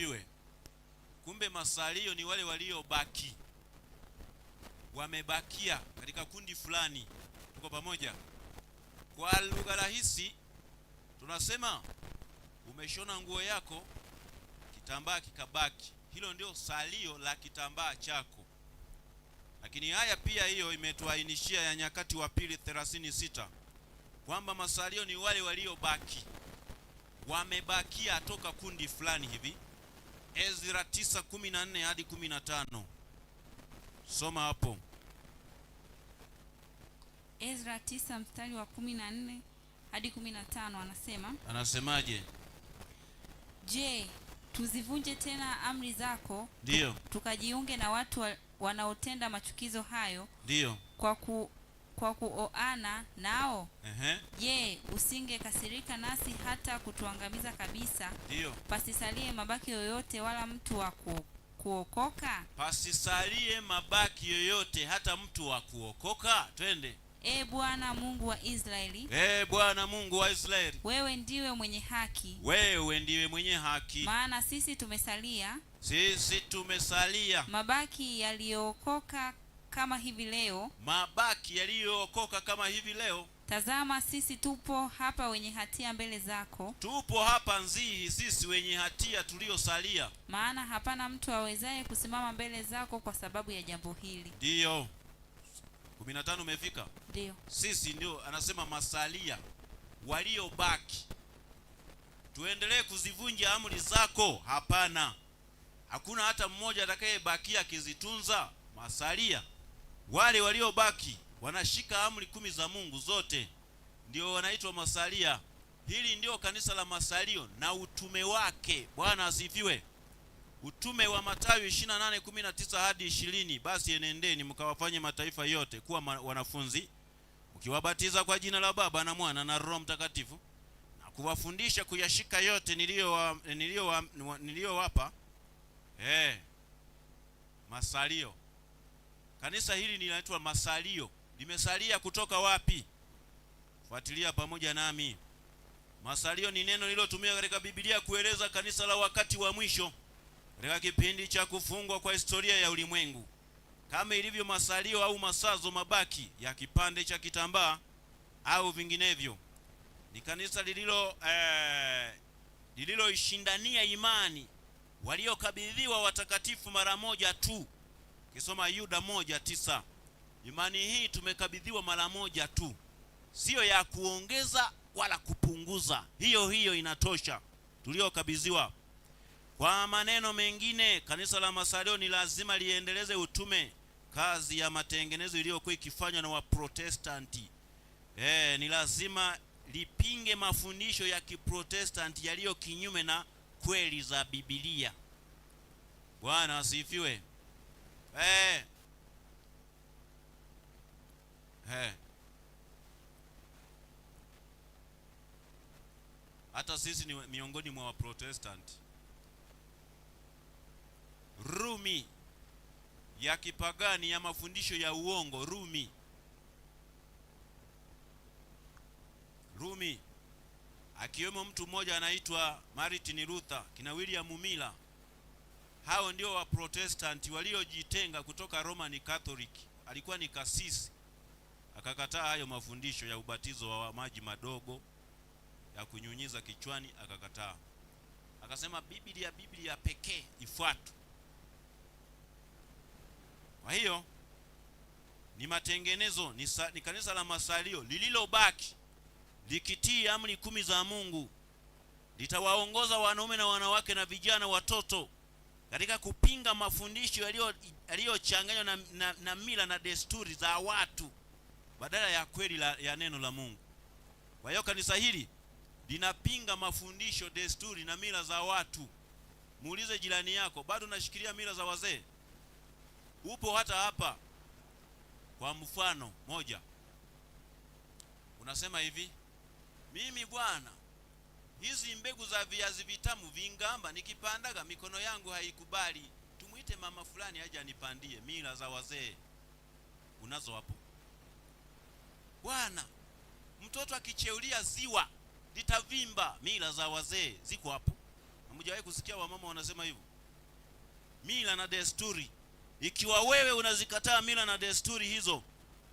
asifiwe. Kumbe masalio ni wale waliobaki, wamebakia katika kundi fulani. Tuko pamoja? Kwa lugha rahisi tunasema umeshona nguo yako, kitambaa kikabaki, hilo ndio salio la kitambaa chako. Lakini haya pia hiyo imetuainishia ya Nyakati wa Pili 36 kwamba masalio ni wale waliobaki, wamebakia toka kundi fulani hivi Ezra 9:14 hadi 15. Soma hapo. Ezra 9 mstari wa 14 hadi 15 anasema. Anasemaje? Je, tuzivunje tena amri zako? Ndio. Tukajiunge na watu wa, wanaotenda machukizo hayo? Ndio. Kwa ku kwa kuoana nao je, uh -huh. usingekasirika nasi hata kutuangamiza kabisa? Ndio. Pasisalie mabaki yoyote wala mtu wa kuokoka? Pasisalie mabaki yoyote hata mtu wa kuokoka? Twende. E Bwana Mungu wa Israeli, e Bwana Mungu wa Israeli, wewe ndiwe mwenye haki, wewe ndiwe mwenye haki, maana sisi tumesalia, sisi tumesalia mabaki yaliyookoka kama hivi leo, mabaki yaliyookoka kama hivi leo. Tazama, sisi tupo hapa wenye hatia mbele zako, tupo hapa nzihi sisi wenye hatia tuliosalia, maana hapana mtu awezaye kusimama mbele zako kwa sababu ya jambo hili. Ndiyo kumi na tano umefika? Ndiyo, sisi ndio anasema masalia waliobaki. Tuendelee kuzivunja amri zako? Hapana, hakuna hata mmoja atakayebakia akizitunza masalia wale waliobaki wanashika amri kumi za Mungu zote, ndio wanaitwa masalia. Hili ndio kanisa la masalio na utume wake. Bwana asifiwe. Utume wa Mathayo 28:19 hadi 20, basi enendeni mkawafanye mataifa yote kuwa wanafunzi mkiwabatiza kwa jina la Baba na Mwana na Roho Mtakatifu na kuwafundisha kuyashika yote niliyowapa wa, niliyo wa, niliyo eh, masalio Kanisa hili linaitwa masalio, limesalia kutoka wapi? Fuatilia pamoja nami. Masalio ni neno lililotumika katika Biblia kueleza kanisa la wakati wa mwisho katika kipindi cha kufungwa kwa historia ya ulimwengu, kama ilivyo masalio au masazo, mabaki ya kipande cha kitambaa au vinginevyo. Ni kanisa lililo eh, lililoishindania imani waliokabidhiwa watakatifu mara moja tu. Kisoma Yuda moja tisa. Imani hii tumekabidhiwa mara moja tu, siyo ya kuongeza wala kupunguza, hiyo hiyo inatosha tuliyokabidhiwa. Kwa maneno mengine, kanisa la Masalio ni lazima liendeleze utume, kazi ya matengenezo iliyokuwa ikifanywa na Waprotestanti. E, ni lazima lipinge mafundisho ya Kiprotestanti yaliyo kinyume na kweli za Biblia. Bwana asifiwe. Eh. Eh. Hata sisi ni miongoni mwa Protestant. Rumi ya kipagani ya mafundisho ya uongo Rumi. Rumi akiwemo mtu mmoja anaitwa Martin Luther, kina William Miller hao ndio Waprotestanti waliojitenga kutoka Roman Catholic. Alikuwa ni kasisi, akakataa hayo mafundisho ya ubatizo wa maji madogo ya kunyunyiza kichwani, akakataa. Akasema Biblia, Biblia pekee ifuatwe. Kwa hiyo ni matengenezo, ni, sa, ni kanisa la masalio lililobaki likitii amri kumi za Mungu, litawaongoza wanaume na wanawake na vijana, watoto katika kupinga mafundisho yaliyochanganywa na, na, na mila na desturi za watu badala ya kweli la, ya neno la Mungu. Kwa hiyo kanisa hili linapinga mafundisho, desturi na mila za watu. Muulize jirani yako, bado unashikilia mila za wazee? Upo hata hapa. Kwa mfano moja, unasema hivi, mimi bwana hizi mbegu za viazi vitamu vingamba, nikipandaga mikono yangu haikubali. Tumwite mama fulani aje anipandie. Mila za wazee unazo hapo bwana. Mtoto akicheulia ziwa litavimba. Mila za wazee ziko hapo. Hamjawahi kusikia wamama wanasema hivyo? Mila na desturi. Ikiwa wewe unazikataa mila na desturi hizo,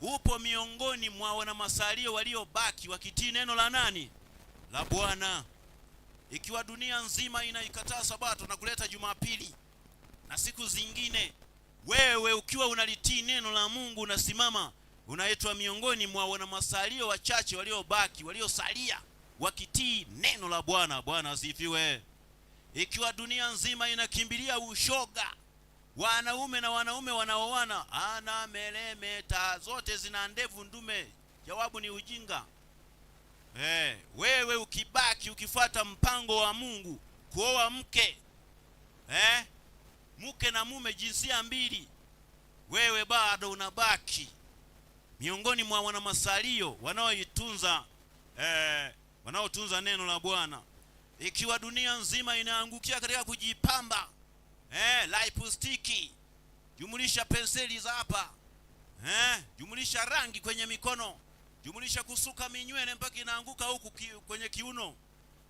upo miongoni mwa masalio waliobaki wakitii neno la nani? La Bwana. Ikiwa dunia nzima inaikataa sabato na kuleta Jumapili na siku zingine, wewe ukiwa unalitii neno la Mungu unasimama, unaitwa miongoni mwa wanamasalio wachache waliobaki, waliosalia wakitii neno la Bwana. Bwana asifiwe. Ikiwa dunia nzima inakimbilia ushoga, wanaume na wanaume wanaoana, ana melemeta, zote zina ndevu ndume, jawabu ni ujinga. Eh, wewe ukibaki ukifuata mpango wa Mungu kuoa mke eh, mke na mume jinsia mbili, wewe bado unabaki miongoni mwa wanamasalio wanaoitunza eh, wanaotunza neno la Bwana. Ikiwa dunia nzima inaangukia katika kujipamba eh, lipstick, jumulisha penseli za hapa eh, jumulisha rangi kwenye mikono Jumulisha kusuka minywele mpaka inaanguka huku kwenye kiuno.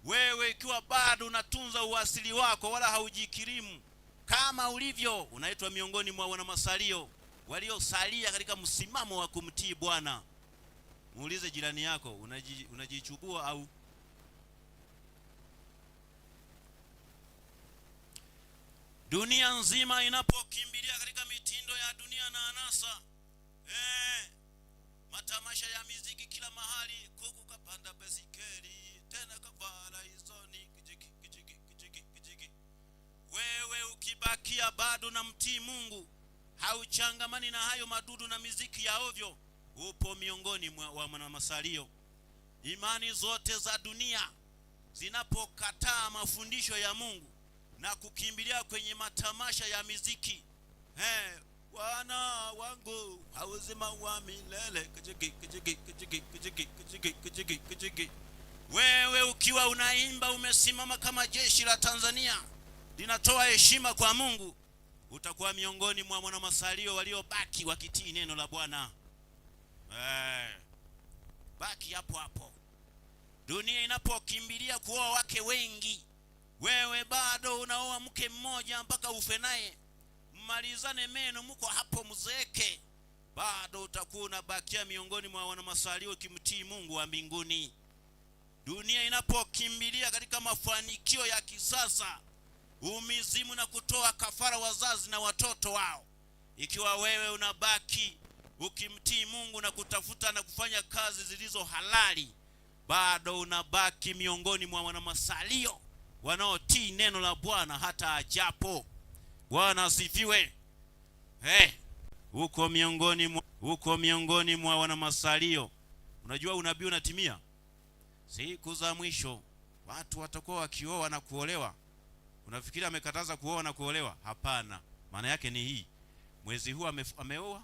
Wewe ikiwa bado unatunza uasili wako wala haujikirimu kama ulivyo, unaitwa miongoni mwa wanamasalio waliosalia katika msimamo wa kumtii Bwana. Muulize jirani yako, unaji, unajichubua au? Dunia nzima inapokimbilia katika mitindo ya dunia na anasa eh, matamasha ya miziki kila mahali, kuku kapanda besikeli tena kavala isoni kijiki kijiki kijiki kijiki. Wewe ukibakia bado na mtii Mungu, hauchangamani na hayo madudu na miziki ya ovyo, upo miongoni mwa wanamasalio. Imani zote za dunia zinapokataa mafundisho ya Mungu na kukimbilia kwenye matamasha ya miziki hey, eh, Bwana wangu wa uzima wa milele wewe ukiwa unaimba umesimama kama jeshi la Tanzania linatoa heshima kwa Mungu, utakuwa miongoni mwa wanamasalio waliobaki wakitii neno la Bwana. Eh, baki hapo hapo. Dunia inapokimbilia kuoa wake wengi, wewe bado unaoa mke mmoja mpaka ufe naye mmalizane meno, mko hapo mzeeke, bado utakuwa unabakia miongoni mwa wanamasalio kimtii Mungu wa mbinguni. Dunia inapokimbilia katika mafanikio ya kisasa, umizimu na kutoa kafara wazazi na watoto wao, ikiwa wewe unabaki ukimtii Mungu na kutafuta na kufanya kazi zilizo halali, bado unabaki miongoni mwa wanamasalio wanaotii neno la Bwana hata ajapo Bwana asifiwe. Hey, eh, uko miongoni mwa, uko miongoni mwa wana masalio. Unajua unabii unatimia siku za mwisho, watu watakuwa wakioa na kuolewa. Unafikiri amekataza kuoa na kuolewa? Hapana, maana yake ni hii, mwezi huu ameoa,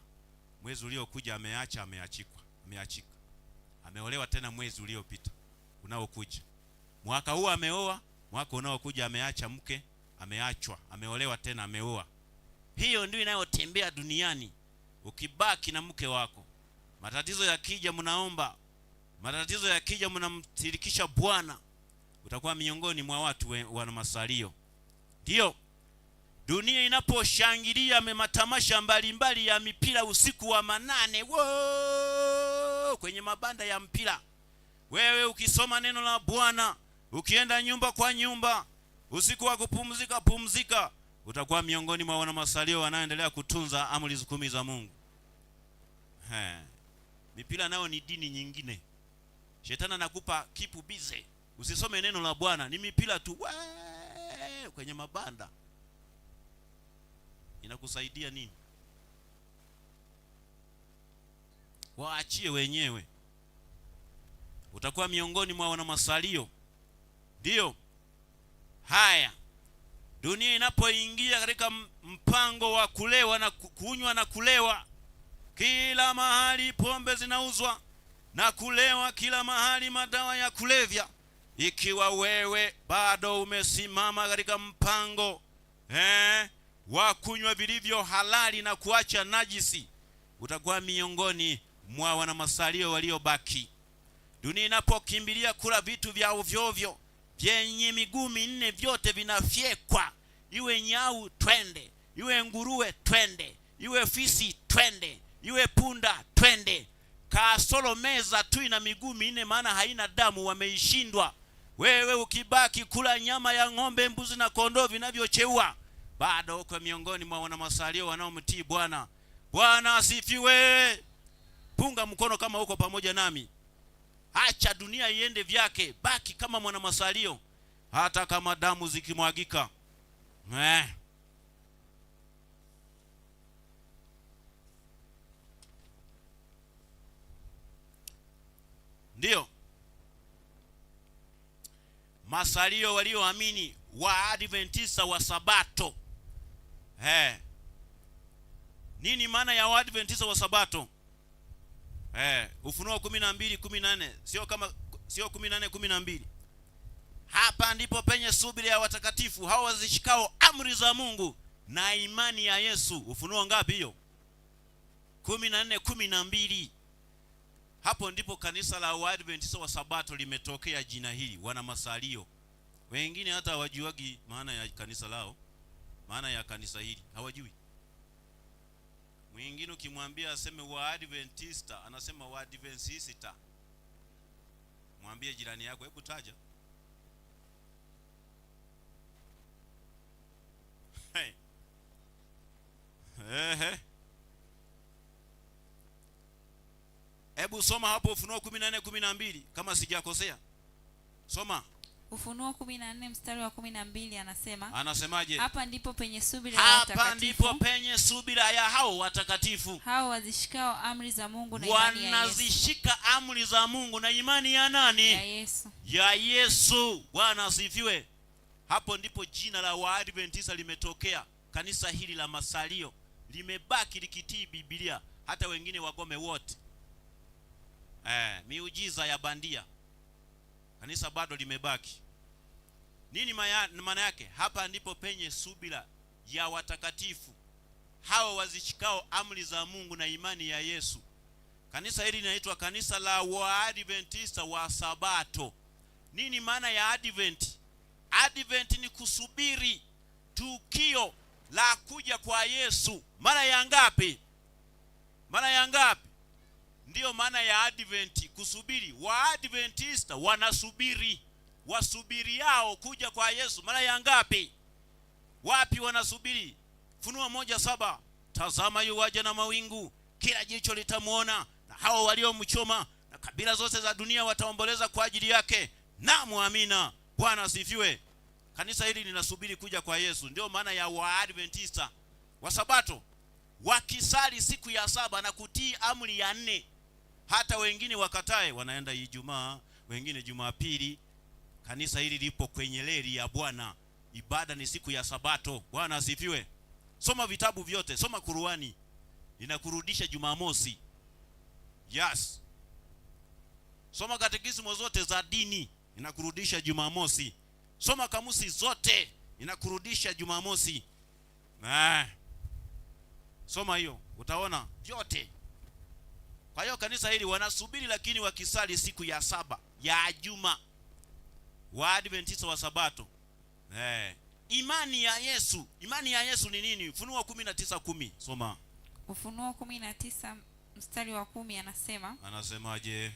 mwezi uliokuja ameacha, ameachikwa, ameachika, ameolewa tena mwezi uliopita unaokuja, mwaka huu ameoa, mwaka unaokuja ameacha mke ameachwa, ameolewa tena, ameoa. Hiyo ndio inayotembea duniani. Ukibaki na mke wako, matatizo yakija mnaomba, matatizo yakija mnamtirikisha Bwana, utakuwa miongoni mwa watu wana masalio. Ndiyo dunia inaposhangilia matamasha mbalimbali ya mipira usiku wa manane, wo kwenye mabanda ya mpira, wewe ukisoma neno la Bwana, ukienda nyumba kwa nyumba Usiku wa kupumzika pumzika, utakuwa miongoni mwa masalio wanaoendelea kutunza amri kumi za Mungu. He. Mipira nayo ni dini nyingine. Shetani anakupa kipu bize, usisome neno la Bwana, ni mipira tu wee, kwenye mabanda. Inakusaidia nini? Waachie wenyewe. Utakuwa miongoni mwa masalio, ndio Haya, dunia inapoingia katika mpango wa kulewa na kunywa na kulewa, kila mahali pombe zinauzwa na kulewa, kila mahali madawa ya kulevya. Ikiwa wewe bado umesimama katika mpango eh, wa kunywa vilivyo halali na kuacha najisi, utakuwa miongoni mwa masalio waliobaki. Dunia inapokimbilia kula vitu vya ovyo ovyo vyenye miguu minne vyote vinafyekwa, iwe nyau twende, iwe nguruwe twende, iwe fisi twende, iwe punda twende. Kasoro meza tu ina miguu minne, maana haina damu, wameishindwa. Wewe ukibaki kula nyama ya ng'ombe, mbuzi na kondoo vinavyocheua, bado uko miongoni mwa wanamasalia wanaomtii Bwana. Bwana asifiwe! Punga mkono kama uko pamoja nami acha dunia iende vyake, baki kama masalio, hata kama damu zikimwagika eh. Ndiyo masalio walioamini wa Adventista wa Sabato eh. Nini maana ya Waadventista wa Sabato? eh, Ufunuo kumi na mbili kumi na nne sio kama sio kumi na nne kumi na mbili Hapa ndipo penye subira ya watakatifu hao wazishikao amri za Mungu na imani ya Yesu. Ufunuo ngapi hiyo? kumi na nne kumi na mbili Hapo ndipo kanisa la Waadventista wa Sabato limetokea jina hili, wana masalio wengine hata hawajuagi maana ya kanisa lao, maana ya kanisa hili hawajui. Mwingine ukimwambia aseme Adventista anasema Adventista. Mwambie jirani yako, hebu taja. hey. Hebu soma hapo Ufunuo 14:12 kama sijakosea. Soma. Ufunuo kumi na nne mstari wa kumi na mbili anasema anasemaje? Hapa ndipo penye subira ya watakatifu, hapa ndipo penye subira ya hao watakatifu, hao wazishikao amri za Mungu na imani ya Yesu. Wanazishika amri za Mungu na imani ya nani? Ya Yesu, ya Yesu. Bwana asifiwe. Hapo ndipo jina la waadventisa limetokea. Kanisa hili la Masalio limebaki likitii Biblia hata wengine wagome wote. Eh, miujiza ya bandia, kanisa bado limebaki. Nini maana yake? Hapa ndipo penye subira ya watakatifu hawa wazichikao amri za Mungu na imani ya Yesu. Kanisa hili linaitwa kanisa la Waadventista wa Sabato. Nini maana ya Advent? Advent ni kusubiri tukio la kuja kwa Yesu. Mara ya ngapi? Mara ya ngapi? Ndiyo maana ya Advent, kusubiri. Waadventista wanasubiri wasubiriao kuja kwa Yesu mara ya ngapi? Wapi wanasubiri? Funua moja saba. Tazama yuwaja na mawingu, kila jicho litamwona, na hao waliomchoma, na kabila zote za dunia wataomboleza kwa ajili yake. Naam, amina. Bwana asifiwe. Kanisa hili linasubiri kuja kwa Yesu, ndio maana ya Waadventista Wasabato wakisali siku ya saba na kutii amri ya nne. Hata wengine wakatae, wanaenda Ijumaa, wengine Jumapili. Kanisa hili lipo kwenye reli ya Bwana. Ibada ni siku ya Sabato. Bwana asifiwe. Soma vitabu vyote, soma Kuruani, inakurudisha Jumamosi. Yes, soma katekismo zote za dini, inakurudisha Jumamosi. Soma kamusi zote, inakurudisha Jumamosi. Eh, soma hiyo, utaona vyote. Kwa hiyo kanisa hili wanasubiri, lakini wakisali siku ya saba ya juma Waadventista wa Sabato eh. Imani ya Yesu, imani ya Yesu ni nini? Ufunuo kumi na tisa kumi soma. Ufunuo kumi na tisa mstari wa kumi anasema, anasemaje?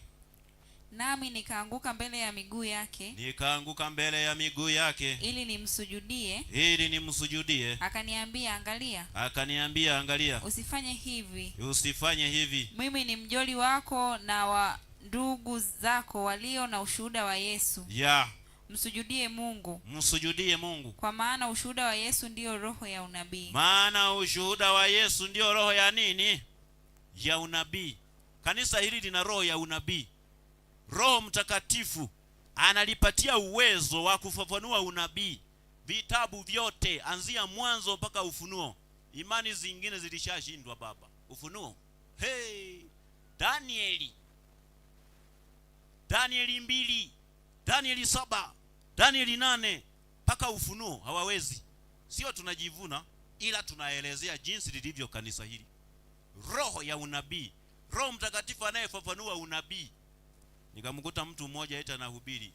Nami nikaanguka mbele ya miguu yake, nikaanguka mbele ya miguu yake ili nimsujudie, ili nimsujudie. Akaniambia, angalia, akaniambia, angalia, usifanye hivi, usifanye hivi. Mimi ni mjoli wako na wa ndugu zako walio na ushuhuda wa Yesu. Ya, Msujudie Mungu. Msujudie Mungu. Kwa maana ushuhuda wa Yesu ndiyo roho ya unabii. Maana ushuhuda wa Yesu ndiyo roho ya nini? Ya unabii. Kanisa hili lina roho ya unabii. Roho Mtakatifu analipatia uwezo wa kufafanua unabii. Vitabu vyote anzia Mwanzo mpaka Ufunuo. Imani zingine zilishashindwa baba. Ufunuo. Hey, Danieli. Danieli mbili Danieli saba, Danieli nane mpaka Ufunuo hawawezi. Sio tunajivuna, ila tunaelezea jinsi lilivyo kanisa hili, roho ya unabii, Roho Mtakatifu anayefafanua unabii. Nikamkuta mtu mmoja na hubiri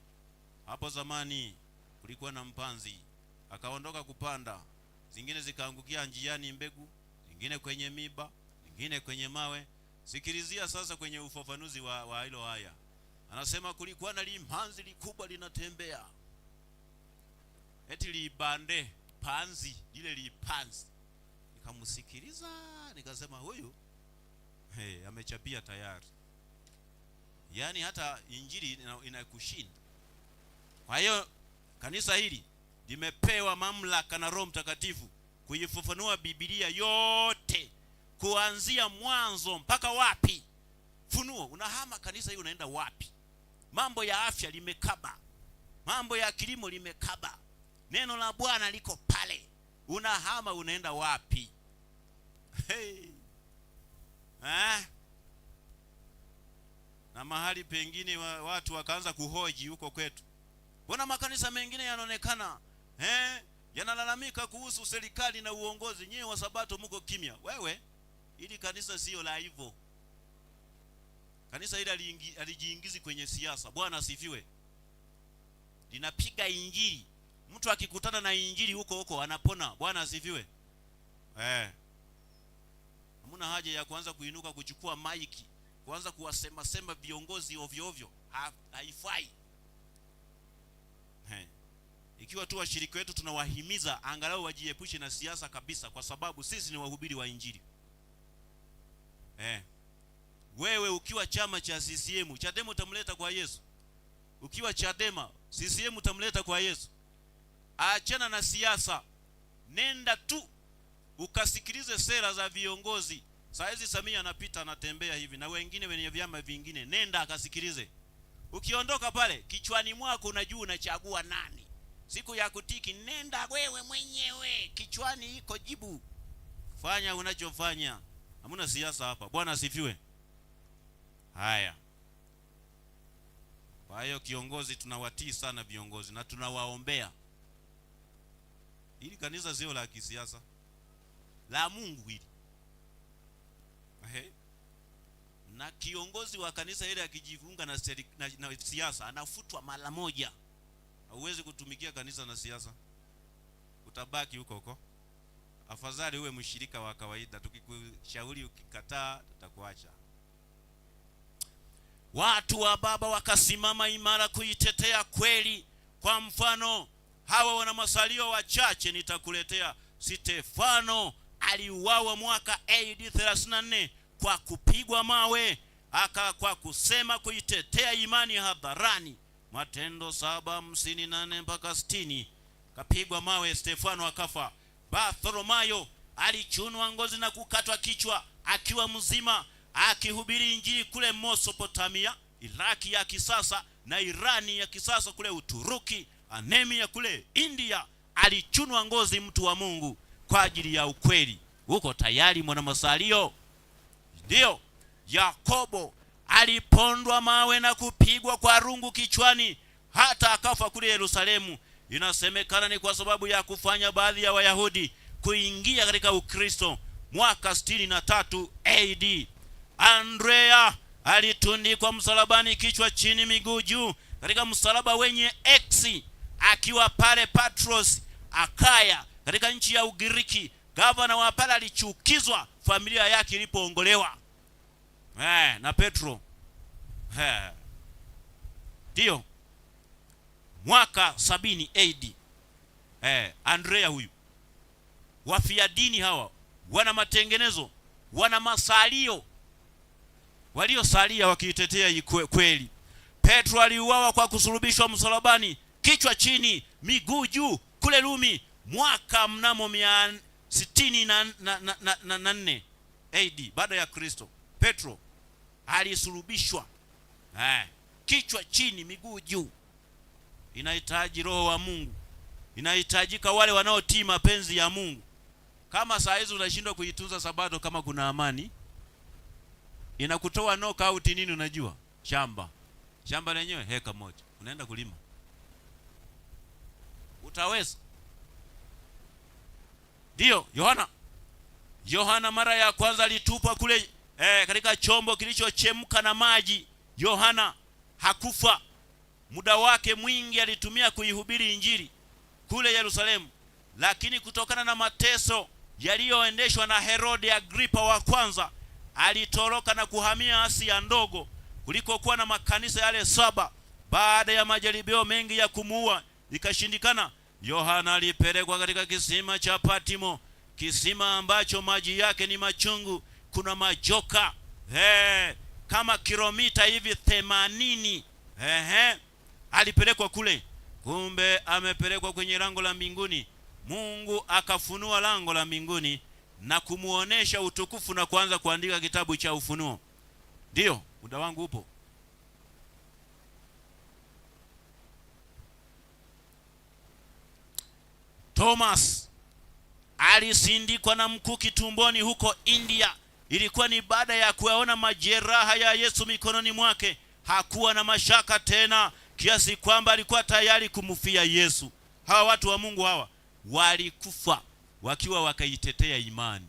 hapo zamani, kulikuwa na mpanzi akaondoka kupanda, zingine zikaangukia njiani, mbegu zingine kwenye miba, zingine kwenye mawe. Sikilizia sasa kwenye ufafanuzi wa, wa hilo haya Anasema kulikuwa na limpanzi likubwa linatembea, eti libande panzi lile lipanzi. Nikamsikiliza nikasema huyu hey, amechapia tayari, yaani hata injili inakushinda ina. Kwa hiyo kanisa hili limepewa mamlaka na Roho Mtakatifu kuifafanua Biblia yote kuanzia mwanzo mpaka wapi? Funuo. Unahama kanisa hili unaenda wapi? mambo ya afya limekaba, mambo ya kilimo limekaba. Neno la Bwana liko pale, unahama unaenda wapi? Hey. Eh? Na mahali pengine watu wakaanza kuhoji huko kwetu, mbona makanisa mengine yanaonekana eh, yanalalamika kuhusu serikali na uongozi, nyewe sabato mko kimya. Wewe, ili kanisa sio la hivyo. Kanisa hili alijiingizi kwenye siasa. Bwana asifiwe. Linapiga injili. Mtu akikutana na injili huko huko anapona. Bwana asifiwe. Eh. Hamuna haja ya kuanza kuinuka kuchukua maiki, kuanza kuwasema sema viongozi ovyo ovyo. Ha, haifai. Eh. Ikiwa tu washirika wetu tunawahimiza angalau wajiepushe na siasa kabisa, kwa sababu sisi ni wahubiri wa injili. Eh. Wewe ukiwa chama cha CCM, Chadema utamleta kwa Yesu. Ukiwa Chadema, CCM utamleta kwa Yesu. Achana na siasa, nenda tu ukasikilize sera za viongozi. Saa hizi Samia anapita anatembea hivi na wengine wenye vyama vingine, nenda akasikilize. Ukiondoka pale kichwani mwako unajua unachagua nani. Siku ya kutiki, nenda wewe mwenyewe, kichwani iko jibu. Fanya unachofanya, hamuna siasa hapa. Bwana asifiwe. Haya, kwa hiyo kiongozi, tunawatii sana viongozi na tunawaombea ili kanisa sio la kisiasa, la Mungu hili. Ehe, na kiongozi wa kanisa ile akijifunga na, na, na siasa anafutwa mara moja. Hauwezi kutumikia kanisa na siasa, utabaki huko huko. Afadhali uwe mshirika wa kawaida, tukikushauri ukikataa, tutakuacha. Watu wa Baba wakasimama imara kuitetea kweli. Kwa mfano, hawa wana masalio wachache nitakuletea. Stefano aliuawa mwaka AD 34 kwa kupigwa mawe aka kwa kusema kuitetea imani hadharani. Matendo 7:58 mpaka 60, Kapigwa mawe, Stefano akafa. Bartholomayo alichunwa ngozi na kukatwa kichwa akiwa mzima akihubiri injili kule Mesopotamia, Iraki ya kisasa na Irani ya kisasa, kule Uturuki, Armenia kule India. Alichunwa ngozi mtu wa Mungu kwa ajili ya ukweli. Uko tayari mwana masalio? Ndiyo. Yakobo alipondwa mawe na kupigwa kwa rungu kichwani hata akafa kule Yerusalemu. Inasemekana ni kwa sababu ya kufanya baadhi ya Wayahudi kuingia katika Ukristo mwaka sitini na tatu AD Andrea alitundikwa msalabani, kichwa chini, miguu juu, katika msalaba wenye X, akiwa pale Patros Akaya, katika nchi ya Ugiriki. Gavana wa pale alichukizwa familia yake ilipoongolewa eh, na Petro eh, ndiyo mwaka sabini AD eh, Andrea huyu wafia dini hawa wana matengenezo, wana masalio waliosalia wakiitetea kweli. Petro aliuawa kwa kusulubishwa msalabani, kichwa chini, miguu juu, kule Rumi mwaka mnamo mia sitini na, na, na, na, na, na nne AD baada ya Kristo. Petro alisulubishwa eh, kichwa chini, miguu juu. Inahitaji roho wa Mungu, inahitajika wale wanaotii mapenzi ya Mungu. Kama saa hizi unashindwa kuitunza sabato, kama kuna amani inakutoa knockout nini? Unajua shamba shamba lenyewe heka moja, unaenda kulima, utaweza? Ndiyo, Yohana Yohana mara ya kwanza alitupwa kule eh, katika chombo kilichochemka na maji. Yohana hakufa, muda wake mwingi alitumia kuihubiri injili kule Yerusalemu, lakini kutokana na mateso yaliyoendeshwa na Herode Agripa wa kwanza alitoroka na kuhamia Asia ndogo kulikokuwa na makanisa yale saba. Baada ya majaribio mengi ya kumuua ikashindikana, Yohana alipelekwa katika kisima cha Patimo, kisima ambacho maji yake ni machungu, kuna majoka he, kama kilomita hivi themanini. Ehe, alipelekwa kule, kumbe amepelekwa kwenye lango la mbinguni. Mungu akafunua lango la mbinguni na kumuonesha utukufu na kuanza kuandika kitabu cha Ufunuo. Ndiyo, muda wangu upo. Thomas alisindikwa na mkuki tumboni huko India. Ilikuwa ni baada ya kuyaona majeraha ya Yesu mikononi mwake. Hakuwa na mashaka tena kiasi kwamba alikuwa tayari kumfia Yesu. Hawa watu wa Mungu hawa walikufa wakiwa wakaitetea imani,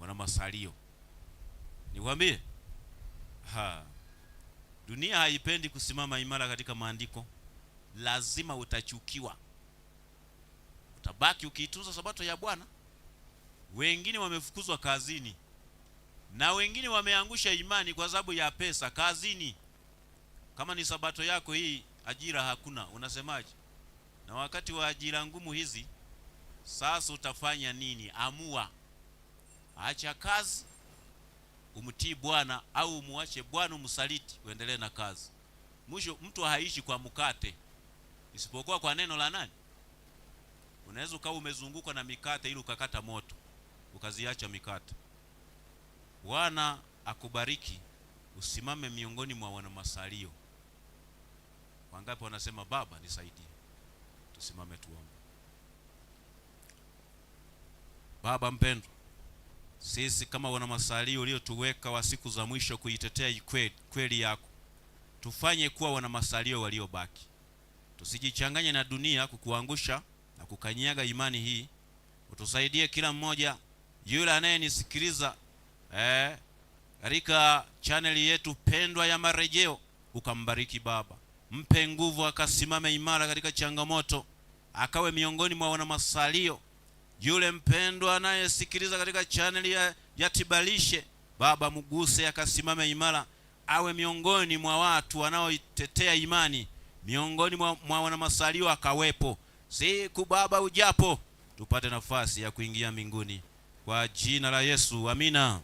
wana masalio. kwambie ha, dunia haipendi kusimama imara katika maandiko. Lazima utachukiwa, utabaki ukiitunza sabato ya Bwana. Wengine wamefukuzwa kazini na wengine wameangusha imani kwa sababu ya pesa kazini. Kama ni sabato yako hii, ajira hakuna, unasemaje? Na wakati wa ajira ngumu hizi sasa utafanya nini? Amua, acha kazi umtii Bwana au umwache Bwana umsaliti, uendelee na kazi. Mwisho mtu haishi kwa mkate, isipokuwa kwa neno la nani? Unaweza ukawa umezungukwa na mikate ili ukakata moto ukaziacha mikate. Bwana akubariki. Usimame miongoni mwa wanamasalio. Wangapi wanasema Baba nisaidie? Tusimame tuombe. Baba mpendwa, sisi kama wana masalio uliotuweka wa siku za mwisho kuitetea kweli yako, tufanye kuwa wana masalio waliobaki, tusijichanganye na dunia kukuangusha na kukanyaga imani hii. Utusaidie kila mmoja yule anayenisikiliza eh, katika chaneli yetu pendwa ya Marejeo, ukambariki Baba, mpe nguvu akasimame imara katika changamoto, akawe miongoni mwa wana masalio yule mpendwa anayesikiliza katika chaneli ya, ya Tibalishe, Baba mguse akasimame imara, awe miongoni mwa watu wanaoitetea imani, miongoni mwa, mwa wanamasalio akawepo siku Baba ujapo, tupate nafasi ya kuingia mbinguni kwa jina la Yesu, amina.